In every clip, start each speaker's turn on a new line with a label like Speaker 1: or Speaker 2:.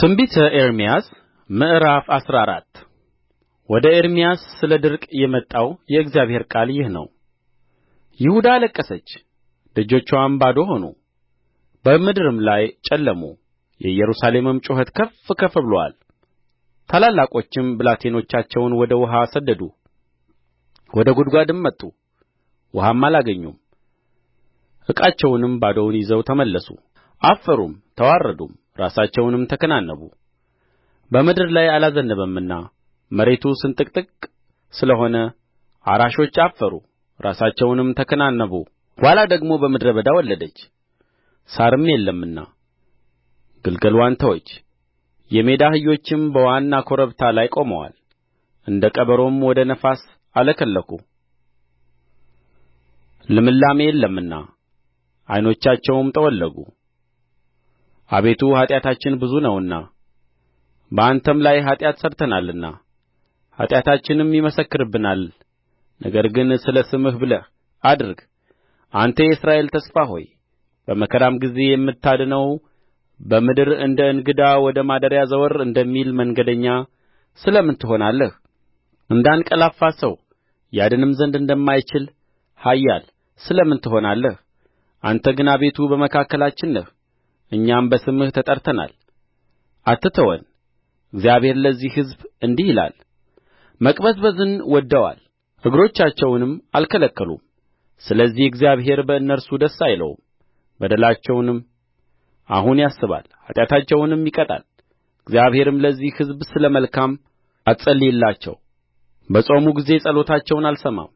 Speaker 1: ትንቢተ ኤርምያስ ምዕራፍ አስራ አራት ወደ ኤርምያስ ስለ ድርቅ የመጣው የእግዚአብሔር ቃል ይህ ነው ይሁዳ አለቀሰች ደጆችዋም ባዶ ሆኑ በምድርም ላይ ጨለሙ የኢየሩሳሌምም ጩኸት ከፍ ከፍ ብሎአል ታላላቆችም ብላቴኖቻቸውን ወደ ውኃ ሰደዱ ወደ ጕድጓድም መጡ ውኃም አላገኙም ዕቃቸውንም ባዶውን ይዘው ተመለሱ አፈሩም ተዋረዱም ራሳቸውንም ተከናነቡ በምድር ላይ አላዘነበምና መሬቱ ስንጥቅጥቅ ስለ ሆነ አራሾች አፈሩ ራሳቸውንም ተከናነቡ ዋላ ደግሞ በምድረ በዳ ወለደች ሣርም የለምና ግልገልዋን ተወች የሜዳ አህዮችም በዋና ኮረብታ ላይ ቆመዋል እንደ ቀበሮም ወደ ነፋስ አለከለኩ ልምላሜ የለምና ዓይኖቻቸውም ጠወለጉ አቤቱ ኃጢአታችን ብዙ ነውና በአንተም ላይ ኃጢአት ሠርተናልና ኃጢአታችንም ይመሰክርብናል ነገር ግን ስለ ስምህ ብለህ አድርግ አንተ የእስራኤል ተስፋ ሆይ በመከራም ጊዜ የምታድነው በምድር እንደ እንግዳ ወደ ማደሪያ ዘወር እንደሚል መንገደኛ ስለ ምን ትሆናለህ እንዳንቀላፋ ሰው ያድንም ዘንድ እንደማይችል ኃያል ስለ ምን ትሆናለህ አንተ ግን አቤቱ በመካከላችን ነህ እኛም በስምህ ተጠርተናል አትተወን እግዚአብሔር ለዚህ ሕዝብ እንዲህ ይላል መቅበዝበዝን ወድደዋል እግሮቻቸውንም አልከለከሉም ስለዚህ እግዚአብሔር በእነርሱ ደስ አይለውም በደላቸውንም አሁን ያስባል ኃጢአታቸውንም ይቀጣል እግዚአብሔርም ለዚህ ሕዝብ ስለ መልካም አትጸልይላቸው በጾሙ ጊዜ ጸሎታቸውን አልሰማም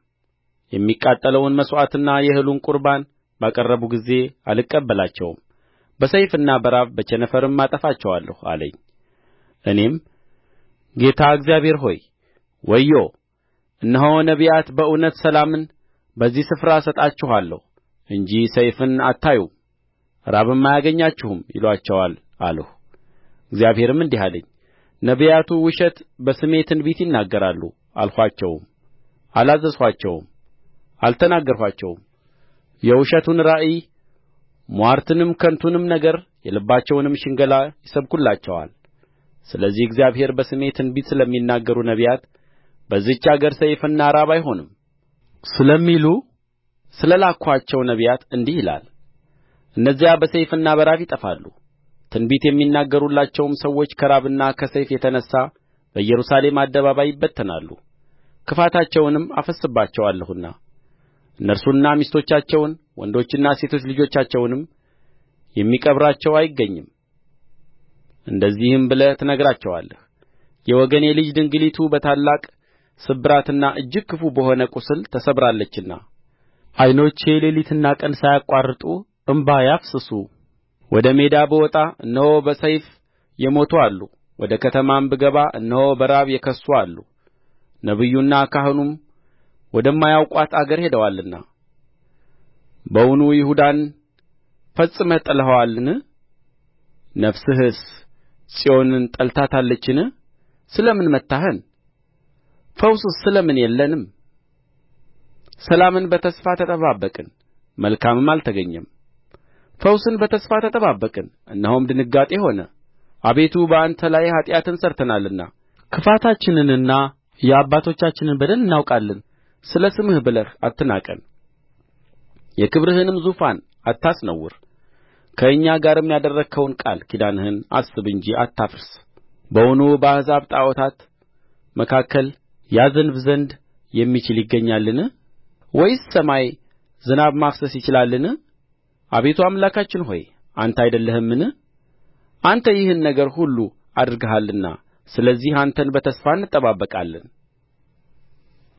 Speaker 1: የሚቃጠለውን መሥዋዕትና የእህሉን ቍርባን ባቀረቡ ጊዜ አልቀበላቸውም በሰይፍና በራብ በቸነፈርም አጠፋቸዋለሁ አለኝ እኔም ጌታ እግዚአብሔር ሆይ ወዮ እነሆ ነቢያት በእውነት ሰላምን በዚህ ስፍራ እሰጣችኋለሁ እንጂ ሰይፍን አታዩም ራብም አያገኛችሁም ይሉአቸዋል አልሁ እግዚአብሔርም እንዲህ አለኝ ነቢያቱ ውሸት በስሜ ትንቢት ይናገራሉ አልኋቸውም አላዘዝኋቸውም አልተናገርኋቸውም የውሸቱን ራእይ ምዋርትንም ከንቱንም ነገር የልባቸውንም ሽንገላ ይሰብኩላቸዋል ስለዚህ እግዚአብሔር በስሜ ትንቢት ስለሚናገሩ ነቢያት በዚህች አገር ሰይፍና ራብ አይሆንም ስለሚሉ ስለ ላክኋቸው ነቢያት እንዲህ ይላል እነዚያ በሰይፍና በራብ ይጠፋሉ ትንቢት የሚናገሩላቸውም ሰዎች ከራብና ከሰይፍ የተነሣ በኢየሩሳሌም አደባባይ ይበተናሉ ክፋታቸውንም አፈስስባቸዋለሁና እነርሱንና ሚስቶቻቸውን ወንዶችና ሴቶች ልጆቻቸውንም የሚቀብራቸው አይገኝም እንደዚህም ብለህ ትነግራቸዋለህ የወገኔ ልጅ ድንግሊቱ በታላቅ ስብራትና እጅግ ክፉ በሆነ ቍስል ተሰብራለችና ዓይኖቼ ሌሊትና ቀን ሳያቋርጡ እንባ ያፍስሱ ወደ ሜዳ ብወጣ እነሆ በሰይፍ የሞቱ አሉ ወደ ከተማም ብገባ እነሆ በራብ የከሱ አሉ ነቢዩና ካህኑም ወደማያውቋት አገር ሄደዋልና በውኑ ይሁዳን ፈጽመህ ጥለኸዋልን ነፍስህስ ጽዮንን ጠልታታለችን ስለ ምን መታኸን ፈውስስ ስለ ምን የለንም ሰላምን በተስፋ ተጠባበቅን መልካምም አልተገኘም ፈውስን በተስፋ ተጠባበቅን እነሆም ድንጋጤ ሆነ አቤቱ በአንተ ላይ ኃጢአትን ሠርተናልና ክፋታችንንና የአባቶቻችንን በደል እናውቃለን ስለ ስምህ ብለህ አትናቀን የክብርህንም ዙፋን አታስነውር ከእኛ ጋርም ያደረግኸውን ቃል ኪዳንህን አስብ እንጂ አታፍርስ በውኑ በአሕዛብ ጣዖታት መካከል ያዘንብ ዘንድ የሚችል ይገኛልን ወይስ ሰማይ ዝናብ ማፍሰስ ይችላልን አቤቱ አምላካችን ሆይ አንተ አይደለህምን አንተ ይህን ነገር ሁሉ አድርገሃልና ስለዚህ አንተን በተስፋ እንጠባበቃለን